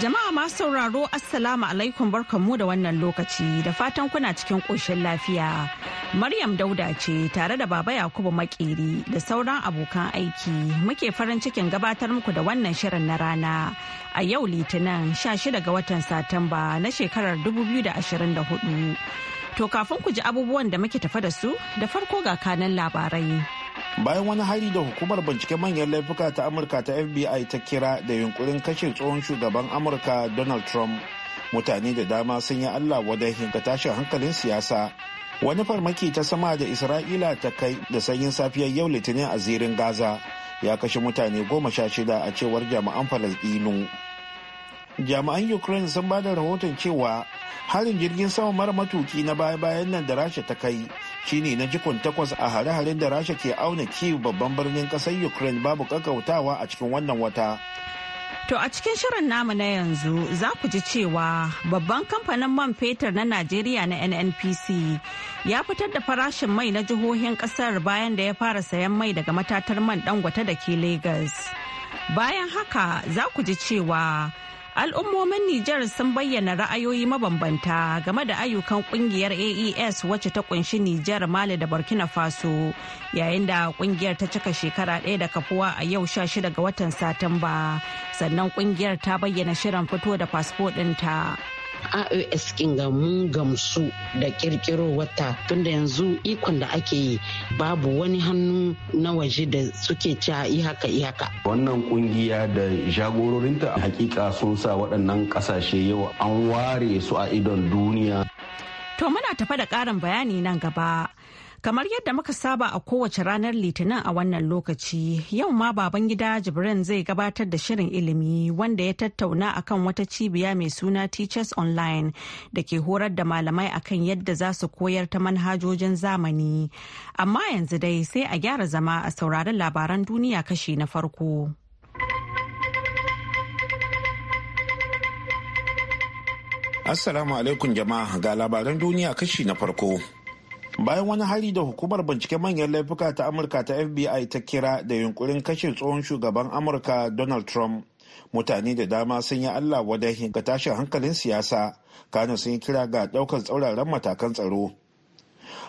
Jama'a masu sauraro Assalamu alaikum barkanmu da wannan lokaci da fatan kuna cikin ƙoshin lafiya. Maryam Dauda ce tare da Baba Yakubu Makeri da sauran abokan aiki muke farin cikin gabatar muku da wannan shirin na rana a yau Litinin 16 ga watan Satumba na shekarar 2024. To kafin ku ji abubuwan da muke tafa da su da farko ga kanan labarai. bayan wani hari da hukumar binciken manyan laifuka ta amurka ta fbi ta kira da yunkurin kashe tsohon shugaban amurka donald trump mutane da dama sun yi allah wadahin ga tashin hankalin siyasa wani farmaki ta sama da isra'ila ta kai da sanyin safiyar yau litinin a zirin gaza ya kashe mutane goma sha shida a cewar jami'an falastinu jami'an ukraine sun ba da rahoton cewa harin jirgin sama mara matuki na baya-bayan nan da rasha ta kai shine na jikun takwas a hare-haren da rasha ke auna kiyu babban birnin kasar ukraine babu kakautawa a cikin wannan wata To a cikin shirin namu na yanzu za ku ji cewa babban kamfanin man fetur na Najeriya na NNPC ya fitar da farashin mai na jihohin kasar bayan da ya fara sayan mai daga matatar man Dangwata da ke Lagos. Bayan haka za ku ji cewa al'ummomin Nijar sun bayyana ra'ayoyi mabambanta game da ayyukan kungiyar AES wacce ta kunshi Nijar Mali da Burkina Faso yayin da kungiyar ta cika shekara ɗaya da kafuwa a yau 16 ga watan Satumba sannan kungiyar ta bayyana shirin fito da fasfo ɗinta. ios kin ga gamsu da kirkiro wata tunda yanzu ikon da ake yi babu wani hannu na waje da suke cewa yi haka yi haka wannan kungiya da jagororinta hakika sun sa waɗannan ƙasashe yau an ware su a idon duniya to muna tafa da ƙarin bayani nan gaba Kamar yadda muka saba a kowace ranar Litinin a wannan lokaci, yau ma baban gida Jibrin zai gabatar da shirin ilimi wanda ya tattauna akan wata cibiya mai suna Teachers Online da ke horar da malamai akan yadda za su koyar ta manhajojin zamani. Amma yanzu dai sai a gyara zama a saurari labaran duniya kashi na farko. Assalamu alaikum jama'a ga labaran duniya kashi na farko. bayan wani hari da hukumar binciken manyan laifuka ta amurka ta fbi ta kira da yunkurin kashe tsohon shugaban amurka donald trump mutane da dama sun yi allah wadahi ga tashin hankalin siyasa kano sun yi kira ga daukar tsauraran matakan tsaro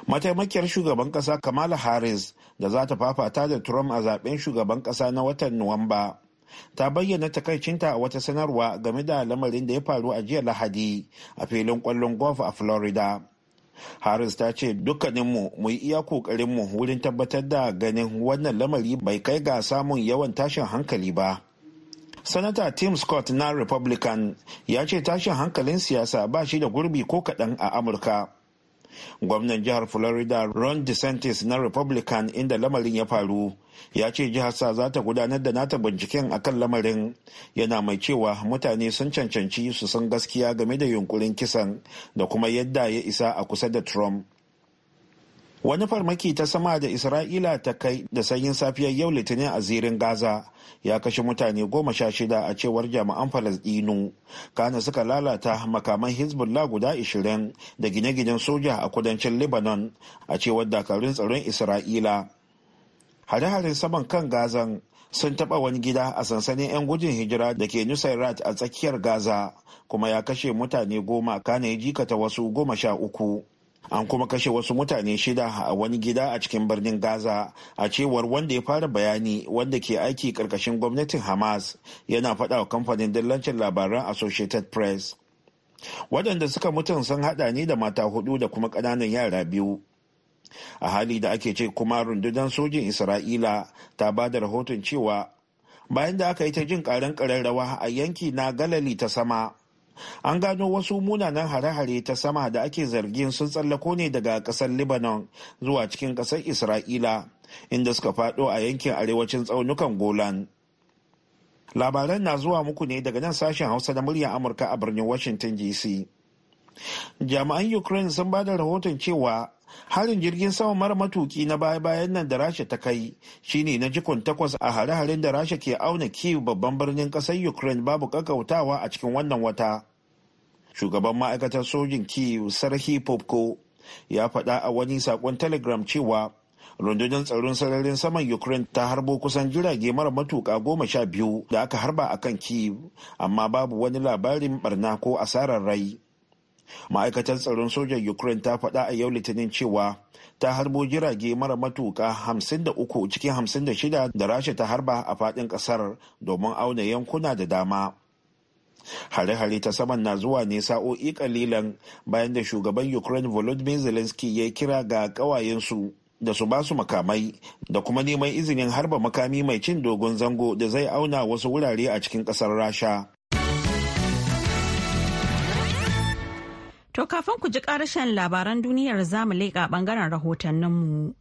mataimakiyar shugaban kasa kamala harris da za ta fafata da trump a zaben shugaban kasa na watan nuwamba ta bayyana takaicinta a wata sanarwa game da lamarin da ya faru a jiya lahadi a filin kwallon golf a florida Harris ta ce dukkaninmu mu yi iya ƙoƙarinmu wurin tabbatar da ganin wannan lamari bai kai ga samun yawan tashin hankali ba. Sanata Tim Scott na Republican ya ce tashin hankalin siyasa ba shi da gurbi ko kaɗan a Amurka. gwamnan jihar florida ron desantis na republican inda lamarin ya faru ya ce jihar sa za ta gudanar da nata binciken akan lamarin yana mai cewa mutane sun cancanci su san gaskiya game da yunkurin kisan da kuma yadda ya isa a kusa da trump wani farmaki ta sama da isra'ila ta kai da sanyin safiyar yau litinin a zirin gaza ya kashe mutane goma sha shida a cewar jami'an falasdinu kana suka lalata makaman hezbollah guda ashirin da gine-ginen soja a kudancin lebanon a cewar dakarun tsaron isra'ila hare-haren saman kan gazan sun taɓa wani gida a sansanin 'yan gudun hijira da ke nusairat a tsakiyar gaza kuma ya kashe mutane goma kana ya jikata wasu goma sha uku an kuma kashe wasu mutane shida a wani gida a cikin birnin gaza a cewar wanda ya fara bayani wanda ke aiki karkashin gwamnatin hamas yana faɗa wa kamfanin dillancin labaran associated press waɗanda suka mutum sun haɗa ne da mata hudu da kuma ƙananan yara biyu a hali da ake ce kuma rundunar sojin isra'ila ta ba da rahoton cewa bayan da aka yi ta jin ƙarin ƙararrawa a yanki na galali ta sama an gano wasu munanan hare-hare ta sama da ake zargin sun tsallako ne daga ƙasar lebanon zuwa cikin ƙasar isra'ila inda suka faɗo a yankin arewacin tsaunukan golan labaran na zuwa muku ne daga nan sashen hausa na murya amurka a birnin washington dc jami'an ukraine sun ba da rahoton cewa harin jirgin sama mara matuki na baya-bayan nan da rasha ta kai shine na jikon takwas a hare-haren da rasha ke auna kiyu babban birnin kasar ukraine babu kakautawa a cikin wannan wata shugaban ma'aikatar sojin kiyu sarhi popko ya faɗa a wani sakon telegram cewa rundunar tsaron sararin saman ukraine ta harbo kusan jirage mara matuka goma sha biyu da aka harba a kan kiev amma babu wani labarin barna ko asarar rai ma'aikatar tsaron sojan ukraine ta faɗa a yau litinin cewa ta harbo jirage mara matuka 53 cikin 56 da rasha ta harba a faɗin ƙasar domin auna yankuna da dama hare-hare ta saman na zuwa ne sa'o'i kalilan bayan da shugaban ukraine volodymyr zelensky ya kira ga ƙawayensu da su basu makamai da kuma neman izinin harba makami mai cin dogon zango da zai auna wasu wurare a cikin ƙasar rasha To kafin ku ji karshen labaran duniyar zamu leƙa bangaren rahotanninmu.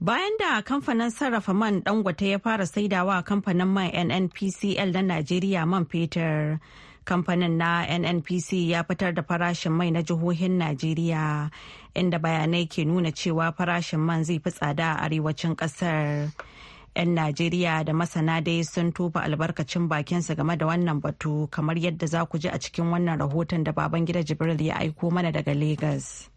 Bayan da kamfanin sarrafa man dangote ya fara saidawa kamfanin man NNPCL na Najeriya man fetur. Kamfanin na NNPC ya fitar da farashin mai na jihohin Najeriya, inda bayanai ke nuna cewa farashin man zai fi tsada a arewacin ƙasar. 'Yan Najeriya da masana dai sun tofa albarkacin bakinsu game da wannan batu kamar yadda za ku ji a cikin wannan rahoton da baban gida Jibril ya aiko mana daga Legas.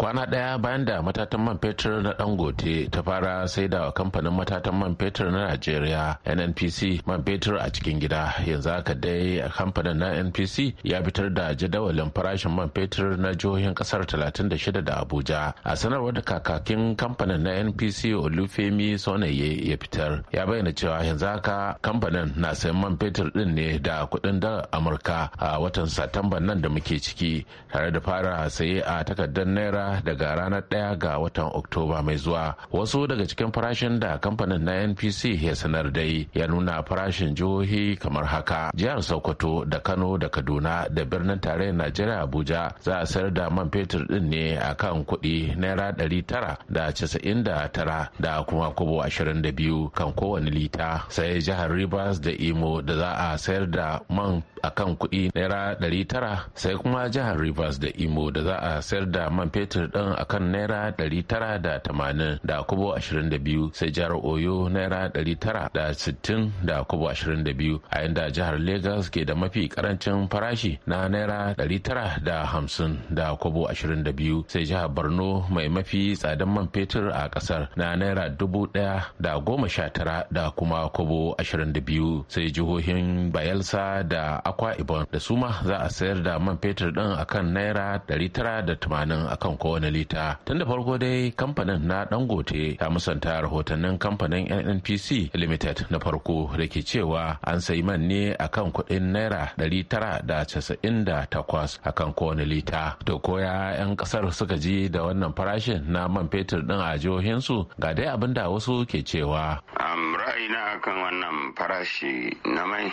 kwana ɗaya bayan da matatan man fetur na dangote ta fara saida wa kamfanin matatan man fetur na najeriya nnpc man fetur a cikin gida yanzu aka dai kamfanin na npc ya fitar da jadawalin farashin man fetur na jihohin kasar 36 da abuja a sanarwar da kakakin kamfanin na npc olufemi sonaye ya fitar ya bayyana cewa yanzu haka kamfanin na sayan man fetur din ne da kuɗin da amurka a watan Satamba nan da muke ciki tare da fara saye a takardar naira daga ranar ɗaya ga watan oktoba mai zuwa wasu daga cikin farashin da kamfanin na npc ya sanar dai ya nuna farashin jihohi kamar haka jihar sokoto da kano da kaduna da birnin tarayyar najeriya abuja za a sayar da man fetur din ne a kan kuɗi naira ɗari tara da casa'in da tara da kuma kobo ashirin da biyu kan kowane lita sai jihar rivers da imo da za a sayar da man a kan kuɗi naira ɗari tara sai kuma jihar rivers da imo da za a sayar da man fetur Masar ɗin akan naira 980 tara da tamanin da kubo ashirin da biyu sai jihar Oyo naira 960 tara da sittin da kubo ashirin da biyu a inda jihar Legas ke da mafi karancin farashi na naira ɗari tara da hamsin da kubo ashirin da biyu sai jihar Borno mai mafi tsadan man fetur a ƙasar na naira dubu ɗaya da goma sha tara da kuma kubo ashirin da biyu sai jihohin Bayelsa da Akwa Ibom da suma za a sayar da man fetur ɗin akan naira 980 tara da tamanin akan kowane lita tun da farko dai kamfanin na dangote ta musanta rahotannin kamfanin nnpc limited na farko da ke cewa an sayi man ne akan kuɗin naira tara da da casa'in takwas akan kowane lita to koya 'yan kasar suka ji da wannan farashin na man fetur din a jihohinsu ga dai abin da wasu ke cewa um, ra'ayina akan wannan farashi na mai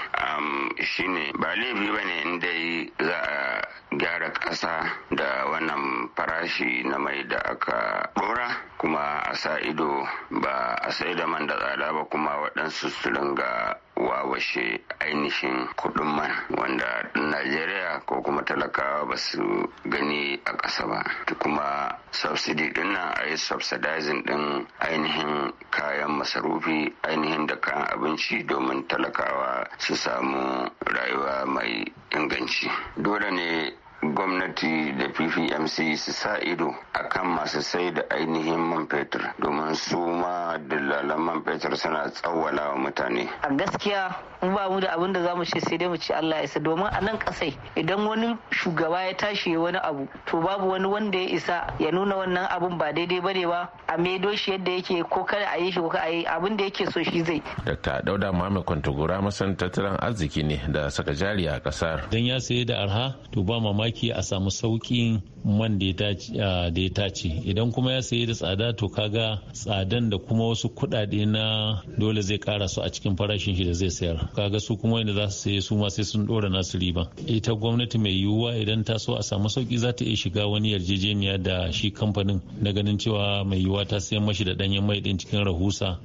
shine ba laifi ba ne dai za a gyara ƙasa da wannan farashi na mai da aka ɗora kuma a sa ido ba a sai da man da tsada ba kuma waɗansu su ga. wawashe ainihin kudin man wanda najeriya ko kuma talakawa ba su gani a ƙasa ba kuma subsidy din nan a yi subsidizing din ainihin kayan masarufi ainihin da kayan abinci domin talakawa su samu rayuwa mai inganci dole ne gwamnati da ppmc su sa ido a kan masu sai da ainihin man fetur domin su ma dalalan man fetur suna tsawwala wa mutane a gaskiya in ba mu da abin da zamu ce sai dai mu ci Allah ya isa domin a nan kasai idan wani shugaba ya tashi wani abu to babu wani wanda ya isa ya nuna wannan abun ba daidai bane ba a maido shi yadda yake ko kada a yi shi ko a yi abin da yake so shi zai Dr. Dauda Muhammad Kwantagora masan tattalin arziki ne da saka jari a kasar dan ya saye da arha to ba mamaki a samu saukin man da ya tace idan kuma ya sayi da tsada to kaga tsadan da kuma wasu kuɗaɗe na dole zai ƙara su a cikin farashin shi da zai sayar kaga su kuma inda za su saye su ma sai sun dora nasu riba ita gwamnati mai yiwuwa idan ta so a samu sauki za ta iya shiga wani yarjejeniya da shi kamfanin na ganin cewa mai yiwuwa ta sayan mashi da danyen mai din cikin rahusa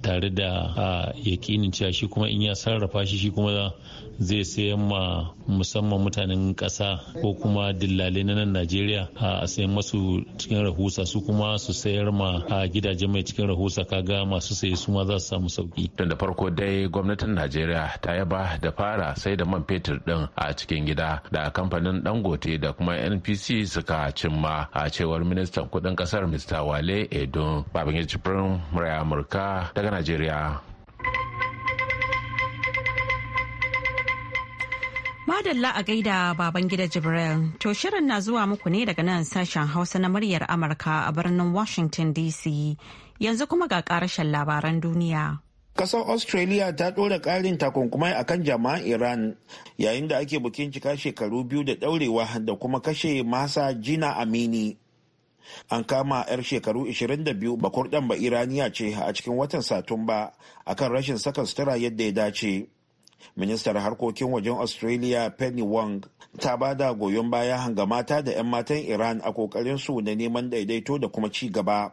tare da yakinin cewa shi kuma in ya sarrafa shi shi kuma zai sayan ma musamman mutanen ƙasa ko kuma dillalai na nan najeriya a sayan masu cikin rahusa su kuma su sayar ma a gidaje mai cikin rahusa kaga masu saye su ma za su samu sauki tun da farko dai gwamnatin najeriya ta yaba da fara sai da man fetur din a cikin gida da kamfanin dangote da kuma npc suka cimma a cewar ministan kudin kasar mr wale edo babangida cifirin murai amurka daga najeriya Madalla a gaida baban gida Jibril. To shirin na zuwa muku ne daga nan sashen Hausa na muryar Amurka a birnin Washington DC. Yanzu kuma ga karashen labaran duniya. Kasar Australia ta ɗora ƙarin takunkumai a kan jama'an Iran yayin da ake bukin cika shekaru biyu da ɗaurewa da kuma kashe masa Jina Amini. An kama 'yar shekaru 22 bakurɗan ba Iraniya ce a cikin watan Satumba akan rashin saka sutura yadda ya dace. ministar harkokin wajen australia penny wong ta ba da goyon baya hanga mata da 'yan matan iran a kokarin su na neman daidaito da kuma ci gaba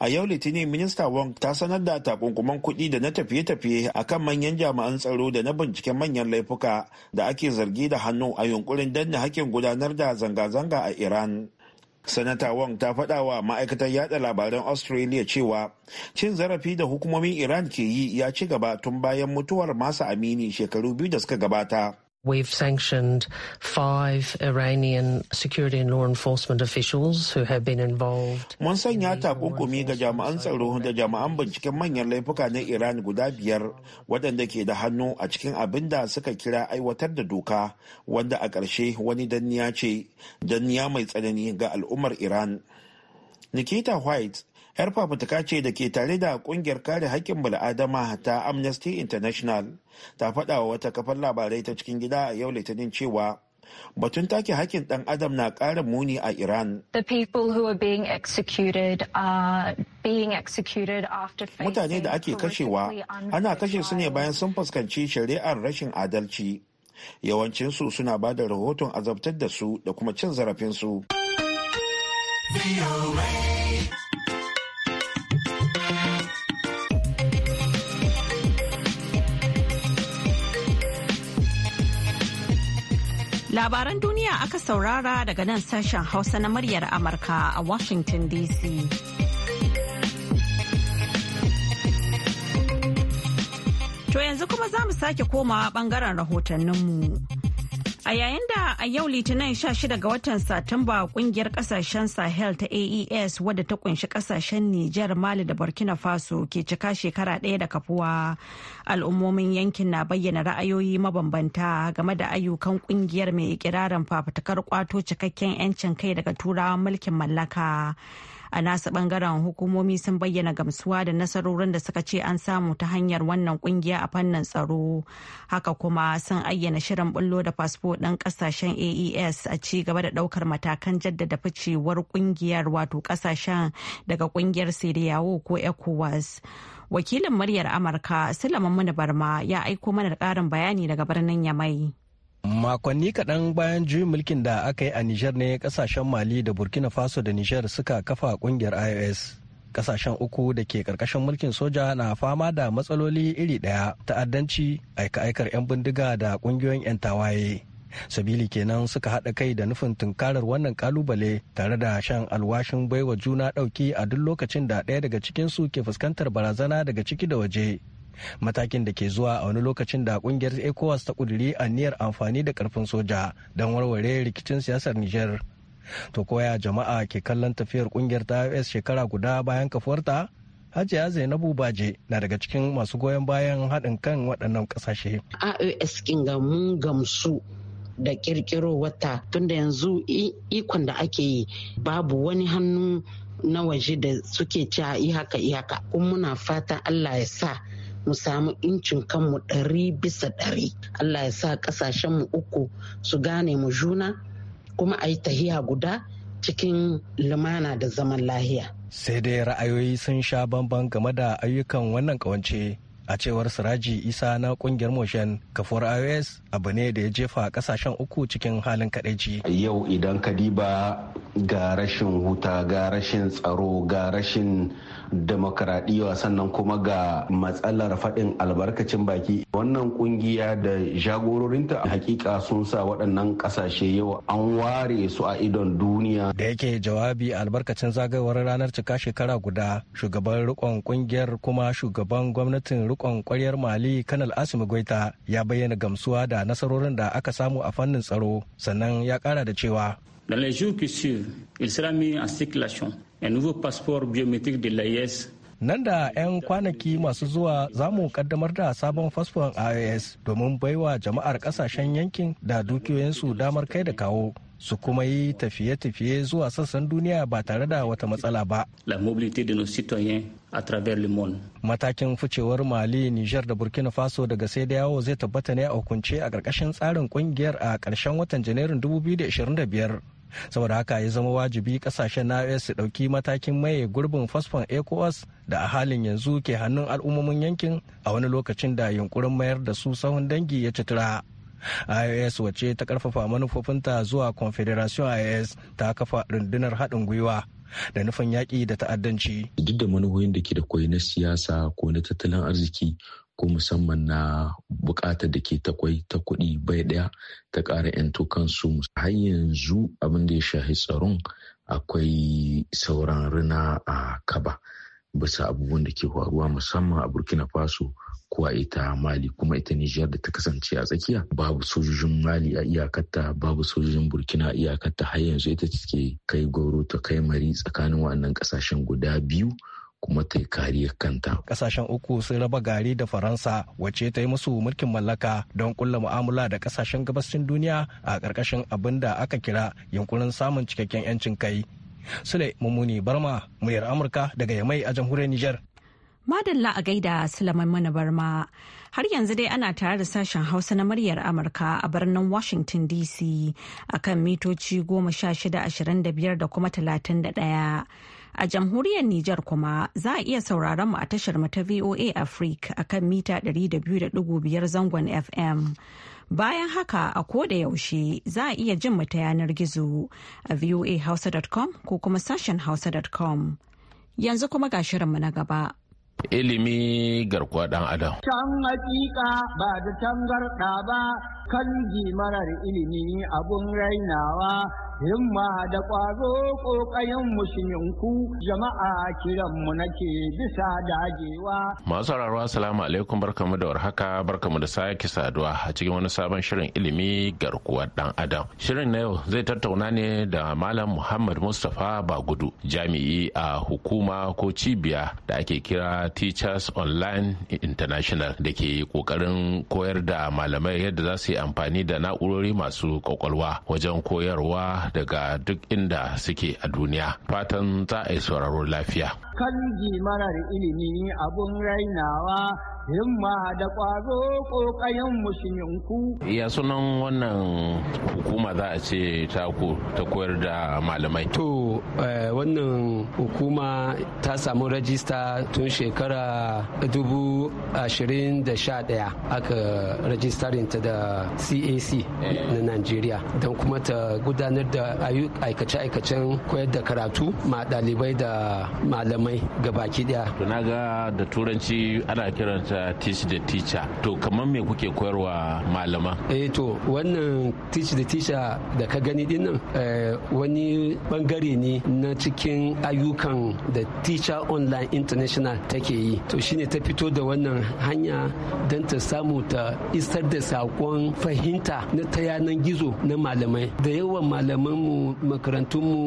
a yau litinin minista wong ta sanar da takunkuman kuɗi da na tafiye-tafiye a kan manyan jami'an tsaro da na binciken manyan laifuka da ake zargi da hannu a yunkurin danna haƙƙin gudanar da zanga-zanga a iran Sanata Wong ta faɗa wa ma'aikatar yada labaran Australia cewa cin zarafi da hukumomin Iran ke yi ya ci gaba tun bayan mutuwar Masa Amini shekaru biyu da suka gabata. We've sanctioned five Iranian security and law enforcement officials who have been involved. Mun sanya takunkumi ga jami'an tsaro da jami'an binciken manyan laifuka na Iran guda biyar waɗanda ke da hannu a cikin abin da suka kira aiwatar da doka wanda a ƙarshe wani danniya ce danniya mai tsanani ga al'ummar Iran. Nikita White 'yar fafutuka ce da ke tare da kungiyar kare haƙƙin bil'adama ta amnesty international ta faɗa wa wata kafar labarai ta cikin gida a yau litinin cewa batun take haƙƙin ɗan adam na ƙara muni a iran mutane da ake kashewa ana kashe su ne bayan sun fuskanci shari'ar rashin adalci yawancinsu suna ba da rahoton azabtar da su da kuma cin zarafinsu. Labaran duniya aka saurara daga nan sashen Hausa na muryar Amurka a Washington DC. To yanzu kuma za mu sake komawa bangaren rahotanninmu. A yayin da a yau Litinin 16 ga watan Satumba kungiyar kasashen Sahel ta AES wadda ta kunshi kasashen Nijar, Mali da Burkina Faso ke cika shekara ɗaya da kafuwa. Al'ummomin yankin na bayyana ra'ayoyi mabambanta game da ayyukan kungiyar mai ikirarin fafutukar kwato cikakken 'yancin kai daga turawan mulkin mallaka. a nasa bangaren hukumomi sun bayyana gamsuwa da nasarorin da suka ce an samu ta hanyar wannan kungiya a fannin tsaro haka kuma sun ayyana shirin bullo da fasfo ɗin ƙasashen aes a ci gaba da ɗaukar matakan jaddada ficewar kungiyar wato ƙasashen daga kungiyar siriyawo ko ecowas wakilin muryar amurka sulaiman muni barma ya aiko mana ƙarin bayani daga birnin yamai makonni kaɗan bayan juyin mulkin da aka yi a nijar ne ƙasashen mali da burkina faso da nijar suka kafa ƙungiyar ios ƙasashen uku da ke ƙarƙashin mulkin soja na fama da matsaloli iri ɗaya ta'addanci aika-aikar 'yan bindiga da ƙungiyoyin 'yan tawaye sabili kenan suka haɗa kai da nufin tunkarar wannan ƙalubale tare da shan alwashin baiwa juna ɗauki a duk lokacin da ɗaya daga cikinsu ke fuskantar barazana daga ciki da waje matakin da ke zuwa a wani lokacin da kungiyar ecowas ta kuduri a niyyar amfani da karfin soja don warware rikicin siyasar niger to koya jama'a ke kallon tafiyar kungiyar ta us shekara guda bayan kafuwarta Hajiya Zainabu Baje na daga cikin masu goyon bayan haɗin kan waɗannan ƙasashe. AOS kin ga mun gamsu da ƙirƙiro wata tunda yanzu ikon da ake yi babu wani hannu na waje da suke ci a haka haka kuma muna fata Allah ya sa mu samu incin kanmu ɗari bisa ɗari allah ya sa ƙasashen mu uku su gane mu juna kuma a yi tahiya guda cikin lumana da zaman lahiya sai dai ra'ayoyi sun sha bamban game da ayyukan wannan kawance a cewar siraji isa na kungiyar motion kafuwar ios abu ne da ya jefa kasashen uku cikin halin kadaici yau idan ka diba ga rashin huta ga rashin tsaro ga rashin demokaradiyya sannan kuma ga matsalar faɗin albarkacin baki wannan kungiya da jagororinta hakika sun sa waɗannan ƙasashe yau an ware su a idon duniya da yake jawabi albarkacin zagayowar ranar cika shekara guda shugaban rikon kungiyar kuma shugaban gwamnatin rikon kwaryar mali kanal asimi goita ya bayyana gamsuwa da nasarorin da aka samu a fannin tsaro sannan ya kara da cewa Dans les jours qui suivent, il sera mis en circulation un nouveau passeport biométrique de l'AIS e nan da 'yan kwanaki masu zuwa za mu kaddamar da sabon fasfon ios e domin baiwa jama'ar kasashen yankin da dukiyoyinsu damar kai da kawo su kuma yi tafiye-tafiye zuwa sassan duniya ba tare da wata matsala ba. La mobilité de nos citoyens le monde. Matakin ficewar Mali, Niger da Burkina Faso daga sai da yawo zai tabbata ne a hukunce a ƙarƙashin tsarin ƙungiyar a ƙarshen watan Janairun 2025. saboda haka ya zama wajibi kasashen na US su ɗauki matakin maye gurbin fasfon ecowas da a halin yanzu ke hannun al'ummomin yankin a wani lokacin da yunkurin mayar da su sahun dangi ya citira ios wacce ta karfafa manufofinta zuwa confederation ios ta kafa rundunar haɗin gwiwa da nufin yaƙi da ta'addanci. Duk da manuhoyin da ke da kwai na siyasa ko na tattalin arziki ko musamman na buƙatar da ke takwai ta kuɗi bai ɗaya ta ƙara 'yanto su. har yanzu abin da ya shahi tsaron akwai sauran rina a kaba bisa abubuwan da ke faruwa musamman a burkina faso ko a ita mali kuma ita nijar da ta kasance a tsakiya babu sojojin mali a iyakarta babu sojojin burkina a iyakarta har yanzu ita ce kai gwauro ta kai mari tsakanin waɗannan ƙasashen guda biyu kuma ta yi kariya kanta. Kasashen uku sun raba gari da Faransa wacce ta yi musu mulkin mallaka don kulla mu'amala da kasashen gabashin duniya a ƙarƙashin abin da aka kira yunkurin samun cikakken 'yancin kai. Sule Mummuni Barma, muryar Amurka daga Yamai a jamhuriyar Nijar. Madalla a gaida Sulaiman Mana Barma. Har yanzu dai ana tare da sashen Hausa na muryar Amurka a birnin Washington DC akan mitoci goma sha shida ashirin da kuma talatin da A jamhuriyar Nijar kuma za a iya sauraron mu a tashar mu ta VOA Africa a kan mita 200.5 zangon FM. Bayan haka a koda yaushe za a iya jin mu ta yanar gizo a voahausa.com ko kuma sashen hausa.com. Yanzu kuma ga shirinmu na gaba. Ilimi garkuwa ɗan adam. Can hakika ba da tangarɗa ba kanji marar ilimi abun rainawa himma da ƙwazo ƙoƙayen musulminku jama'a kiranmu nake bisa dagewa. Masu rarwa salamu alaikum barkamu da warhaka barkamu da sake saduwa a cikin wani sabon shirin ilimi garkuwar ɗan adam. Shirin na yau zai tattauna ne da Malam Muhammad Mustapha Bagudu jami'i a hukuma ko cibiya da ake kira Teachers Online International da ke ƙoƙarin koyar da malamai yadda za su yi amfani da na'urori masu kwakwalwa wajen koyarwa daga duk inda suke a duniya fatan za a yi sauraro lafiya kan mana da ilimi abun rainawa himma da ƙwazo kokayen mushinku. Ya sunan wannan hukuma za a ce taku ta koyar da malamai. To eh, wannan hukuma ta samu rajista tun shekara dubu ashirin ɗaya aka rajistarin ta da CAC na Najeriya don kuma ta gudanar da aikace-aikacen koyar da karatu ma ɗalibai da malamai gabaki ɗaya. Tuna ga da turanci ana kiranta da teach the teacher to kamar me kuke koyarwa malama eh to wannan teach the teacher da ka gani din nan eh, wani bangare ne na cikin ayyukan da teacher online international take yi to shine ta fito da wannan hanya don ta samu ta isar da sakon fahimta na ta yanan gizo na malamai da yawan mu makarantun mu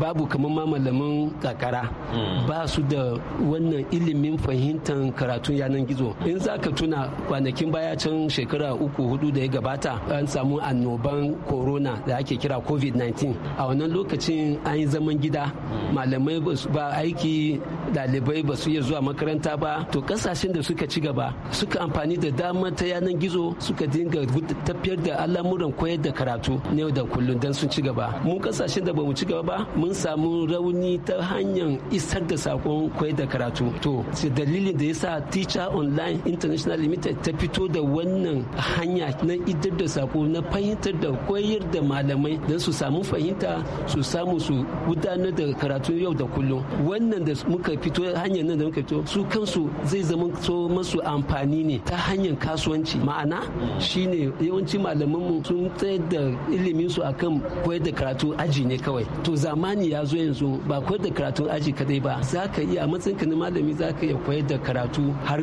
babu kamar ma malaman kakara hmm. ba su da wannan ilimin fahimtar karatun yanan gizo zo in za ka tuna kwanakin baya can shekara uku hudu da ya gabata an samu annoban corona da ake kira covid-19 a wannan lokacin an yi zaman gida malamai ba aiki dalibai ba su iya zuwa makaranta ba to kasashen da suka ci gaba suka amfani da dama ta yanar gizo suka dinga tafiyar da al'amuran koyar da karatu yau da kullum don sun ci gaba mun kasashen da bamu ci gaba ba mun samu rauni ta hanyar isar da sakon koyar da karatu to dalilin da ya yasa teacher on line international limited ta fito da wannan hanya na idar da sako na fahimtar da koyar da malamai don su samu fahimta su samu su gudanar da karatu yau da kullum wannan da muka fito hanyar nan da muka fito su kansu zai zama so masu amfani ne ta hanyar kasuwanci ma'ana shine yawanci malamanmu sun tsayar da ilimin su akan koyar da karatu aji ne kawai to zamani ya zo yanzu ba koyar da karatu aji kadai ba za ka iya a matsayin na malami za ka iya koyar da karatu har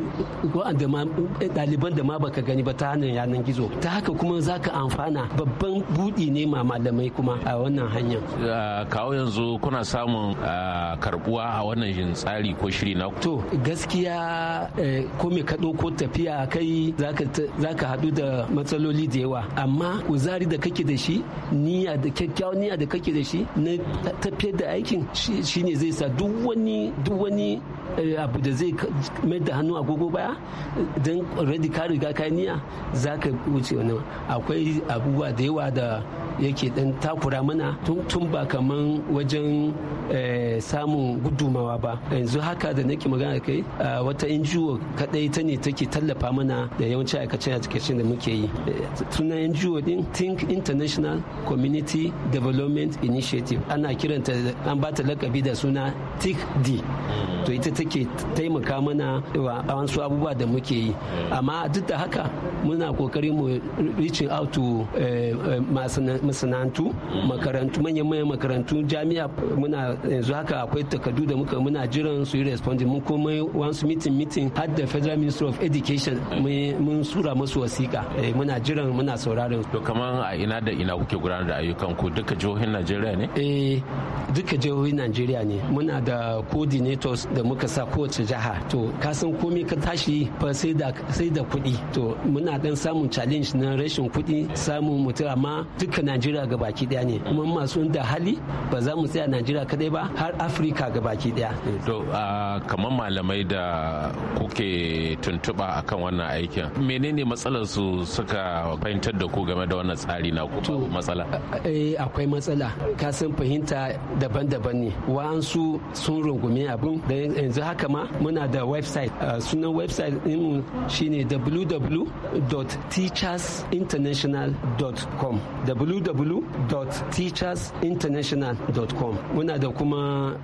ɗaliban da ma baka gani ba ta hanyar yanar gizo ta haka kuma za ka amfana babban buɗi ne ma malamai kuma a wannan hanyar. kawo yanzu kuna samun karbuwa a wannan tsari ko shiri na to gaskiya eh, ko me kaɗo ko tafiya kai za ka haɗu da matsaloli da yawa amma kuzari da kake da shi niyya da kyakkyawan niyya da kake da shi na tafiyar da aikin shine zai sa duk wani eh, abu da zai mai da hannu agogo baya don already ka riga ka niya za ka wuce wani akwai abubuwa da yawa da yake dan takura mana tun ba kaman wajen eh, samun gudumawa ba yanzu haka da nake magana da kai ah, wata injiwo kadai ta ne take tallafa mana da yawanci aikace cikin da muke yi tunan injiwo din think international community development initiative ana kiranta an ba ta lakabi da suna tic di to ita take taimaka mana wa abubuwa da muke yi amma duk da haka muna kokari mu reaching out to eh, eh, masana'antu mm. makarantu manyan manyan makarantu jami'a muna yanzu haka akwai takardu da muka muna jiran su yi responding mun komai once meeting meeting har da federal minister of education mm. mun sura musu wasiƙa eh, muna jiran muna sauraron to kaman a ina da ina kuke gudanar da ayyukan ku duka jihohin Najeriya ne eh duka jihohin Najeriya ne muna da coordinators da muka sa kowace jiha to kasan komai ka tashi abinci fa sai da da kuɗi to muna dan samun challenge na rashin kuɗi samun mutum amma duka najeriya ga baki daya ne kuma masu da hali ba za mu tsaya najeriya kadai ba har afirka ga baki daya to kamar malamai da kuke tuntuɓa akan wannan aikin menene matsalar su suka fahimtar da ku game da wannan tsari na ku matsala eh akwai matsala ka san fahimta daban-daban ne wa'ansu sun rungume abin da yanzu haka ma muna da website sunan website website din shine www.teachersinternational.com www.teachersinternational.com muna da kuma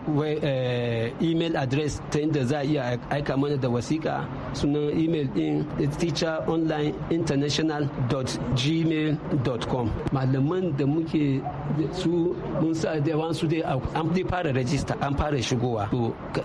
eh, email address ta inda za a iya aika mana da wasiƙa sunan email din teacheronlineinternational.gmail.com malaman da muke su mun sa da su dai an fara rajista an fara shigowa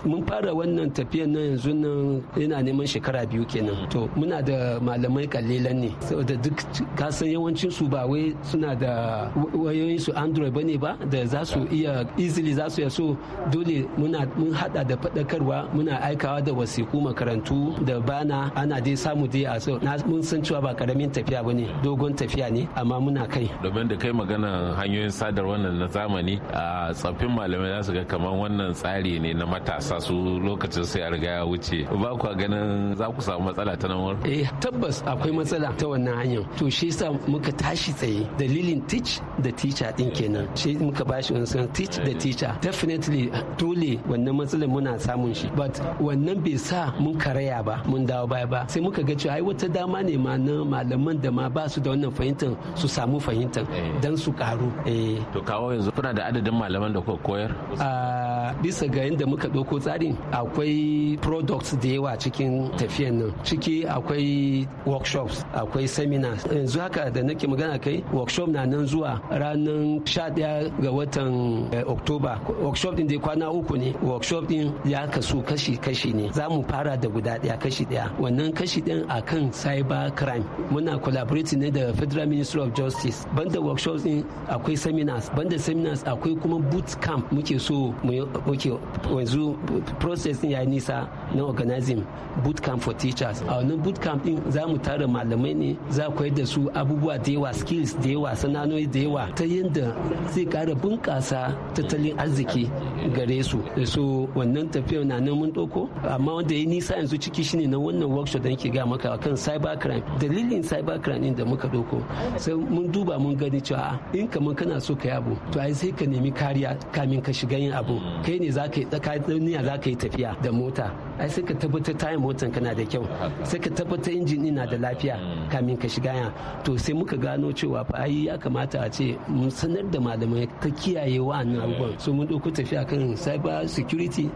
mun fara wannan tafiyan nan yanzu nan yana neman shi shekara biyu kenan to muna da malamai kallelan ne saboda duk kasan yawancin su ba wai suna da wayoyin su android bane ba da za su iya easily za su ya so dole muna mun hada da fadakarwa muna aikawa da wasiku makarantu da bana ana dai samu dai a so na mun san cewa ba karamin tafiya bane dogon tafiya ne amma muna kai domin da kai magana hanyoyin sadar wannan na zamani a tsaffin malamai za su ga kamar wannan tsari ne na matasa su lokacin sai a riga ya wuce ba kwa ganin za ku samu matsala ta nan wurin eh tabbas akwai matsala ta wannan hanyar to shi yasa muka tashi tsaye dalilin teach da teacher din kenan shi muka bashi wani sunan teach da teacher definitely dole wannan matsalar muna samun shi but wannan bai sa mun karaya ba mun dawo baya ba sai muka ga cewa ai wata dama ne ma na malaman da ma ba su da wannan fahimtar su samu fahimtar eh. dan su karu eh to kawo yanzu kuna da adadin malaman da kuka koyar a ah, bisa ga yadda muka ɗauko tsarin akwai products da yawa cikin tafiyan nan ciki akwai workshops akwai seminars yanzu haka da nake magana kai workshop na nan zuwa ranar 11 ga watan eh, October workshop din da kwana uku ne workshop din ya kasu kashi-kashi ne za mu fara da guda daya kashi daya wannan kashi din akan cyber crime muna collaborate ne da federal ministry of justice banda workshop din akwai seminars banda seminars akwai kuma boot camp muke so muke yanzu process din ya nisa na organizing boot camp for teachers a wannan boot camp din za mu tara malamai ne za koyar da su abubuwa da yawa skills da yawa sana'o'i da yawa ta yadda zai kara bunƙasa tattalin arziki gare su so wannan tafiyar na nan mun doko amma wanda ya nisa yanzu ciki shine na wannan workshop da nake ga maka akan cyber crime dalilin cyber crime din da muka doko sai mun duba mun gani cewa ah, in kaman kana so ka yi abu to ai sai ka nemi kariya kamin ka shiga yin abu mm. kai ne za ka yi tsakaniya za ka yi tafiya da mota ai sai ka tabbatar tayin motan kana da kyau sai ka tabbatar injin na da lafiya mm. kamin ka shiga a to sai muka gano cewa fa ai ya kamata a ce mun sanar da malamai ta kiyaye wa'annan abubuwan eh. so mun doko tafiya akan cyber security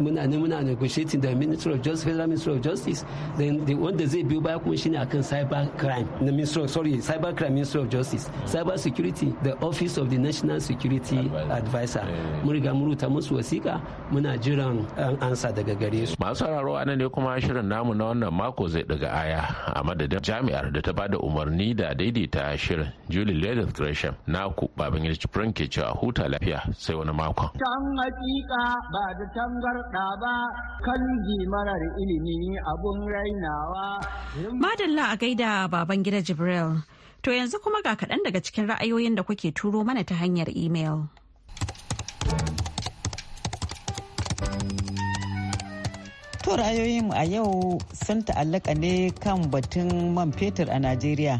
muna ne muna negotiating da minister of justice federal minister of justice then the wanda zai biyo baya kuma shine akan cyber crime na ministry sorry cyber crime ministry of justice cyber security the office of the national security adviser mun riga mun rubuta musu wasiƙa muna jiran ansa daga gare su masu sauraro a ne kuma shirin namu na wannan mako zai daga aya a madadin jami'ar da ta bada umarni da daidaita shirin julie ledith gresham naku babin yarci ke cewa huta lafiya sai wani makon can hakika ba da tangar sharɗa ba kan marar ilimi abun rainawa. Madalla a gaida baban gida Jibril. To yanzu kuma ga kaɗan daga cikin ra'ayoyin da kuke turo mana ta hanyar imel. To ra'ayoyinmu a yau sun ta'allaka ne kan batun man fetur a Najeriya.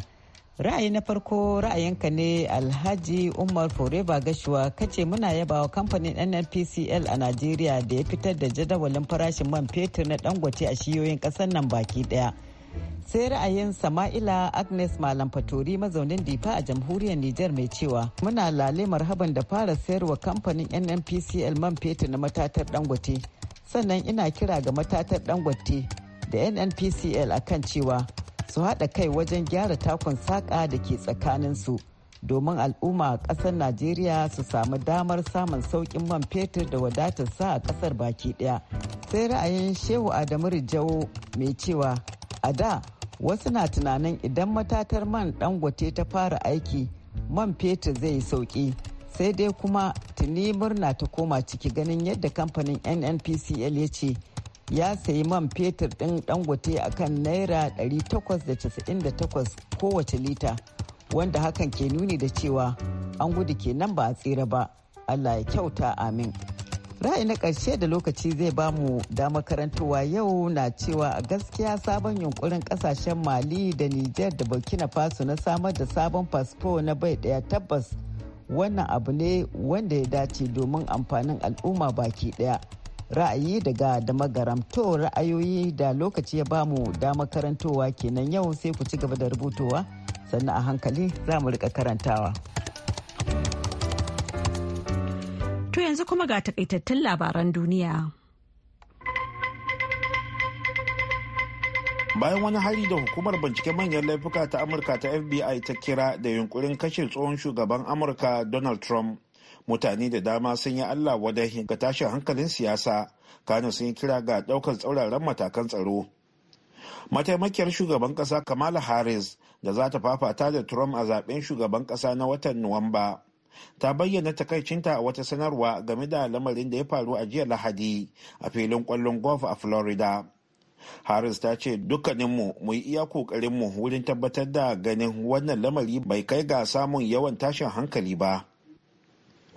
ra'ayi na farko ra'ayinka ne alhaji umar foreba gashuwa kace muna yabawa kamfanin nnpcl a najeriya da ya fitar da jadawalin farashin man fetur na dangote a shiyoyin kasar nan baki daya sai ra'ayin sama'ila agnes malam fatori mazaunin difa a jamhuriyar niger mai cewa muna lale marhaban da fara sayarwa kamfanin nnpcl man fetur na matatar dangote sannan ina kira ga matatar dangote da nnpcl akan cewa su haɗa kai wajen gyara takon saƙa da ke tsakanin su domin al'umma a ƙasar najeriya su samu damar samun sauƙin man fetur da wadatar sa a ƙasar baki ɗaya sai ra'ayin shehu adamu rijau mai cewa a da wasu na tunanin idan matatar man dangote ta fara aiki man fetur zai yi sauƙi sai dai kuma tuni murna ta koma ciki ganin yadda kamfanin nnpcl ya ce ya sayi man fetur ɗin dangote a kan naira 898 kowace lita wanda hakan ke nuni da cewa an gudu kenan ba a tsira ba allah ya kyauta amin ra'ayi na ƙarshe da lokaci zai ba mu da makarantuwa yau na cewa a gaskiya sabon yunkurin ƙasashen mali da niger da burkina faso na samar da sabon fasfo na bai ɗaya tabbas wannan abu ne wanda ya dace domin amfanin al'umma baki ɗaya. ra'ayi daga damagaram to ra'ayoyi da lokaci ya bamu dama karantowa kenan yau sai ku ci gaba da rubutowa sannan a hankali za mu rika karantawa to yanzu kuma ga takaitattun labaran duniya bayan wani hari da hukumar bincike manyan laifuka ta amurka ta fbi ta kira da yunkurin kashe tsohon shugaban amurka donald trump mutane da dama sun yi allah wadahi ga tashin hankalin siyasa kano sun yi kira ga daukar tsauraran matakan tsaro mataimakiyar shugaban kasa kamala harris da za ta fafata da trump a zaben shugaban kasa na watan nuwamba ta bayyana takaicinta a wata sanarwa game da lamarin da ya faru a jiya lahadi a filin kwallon golf a florida harris ta ce dukkaninmu mu yi iya kokarinmu wurin tabbatar da ganin wannan lamari bai kai ga samun yawan tashin hankali ba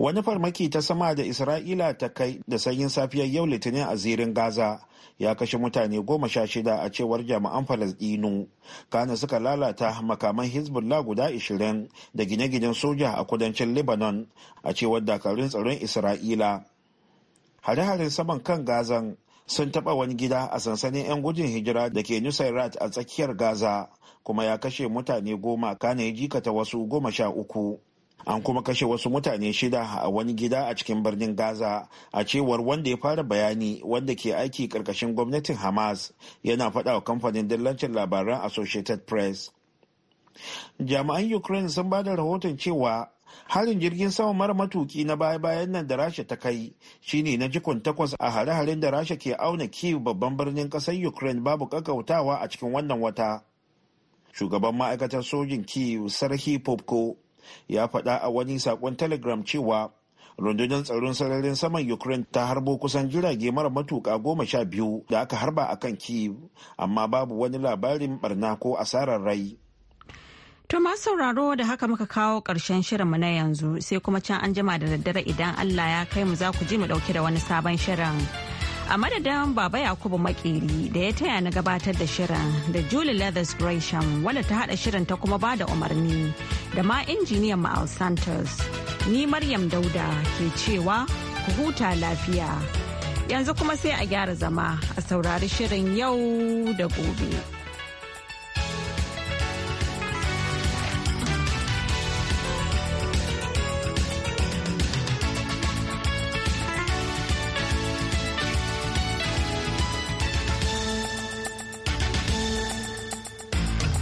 wani farmaki ta sama da isra'ila ta kai da sanyin safiyar yau litinin a zirin gaza ya kashe mutane goma sha shida a cewar jami'an falasdinu kana suka lalata makaman hezbollah guda ashirin da gine-ginen soja a kudancin lebanon a cewar dakarun tsaron isra'ila hare-haren saman kan gazan sun taɓa wani gida a sansanin 'yan gudun hijira da ke nusairat a tsakiyar gaza kuma ya kashe mutane goma kana ya jikata wasu goma sha uku an kuma kashe wasu mutane shida a wani gida a cikin birnin gaza a cewar wanda ya fara bayani wanda ke aiki karkashin gwamnatin hamas yana faɗa wa kamfanin dillancin labaran associated press jami'an ukraine sun ba da rahoton cewa harin jirgin sama mara matuki na baya-bayan nan da rasha ta kai shine na jikon takwas a hare-haren da rasha ke auna kiev babban birnin ƙasar ukraine babu kakautawa a cikin wannan wata shugaban ma'aikatar sojin kiev sarhi popko ya faɗa a wani sakon telegram cewa rundunar tsaron sararin saman ukraine ta harbo kusan jirage mara matuka goma sha biyu da aka harba a kan kiev amma babu wani labarin barna ko asarar rai To masu sauraro da haka muka kawo ƙarshen shirinmu na yanzu sai kuma can an jima da daddare idan Allah ya kai mu za ku ji mu ɗauke da wani sabon shirin. a madadin baba yakubu makeri da ya taya na gabatar da shirin da julie leathers gresham wadda ta hada shirin ta kuma bada umarni da ma injiniyan ma'al santos ni maryam dauda ke cewa ku huta lafiya yanzu kuma sai a gyara zama a saurari shirin yau da gobe.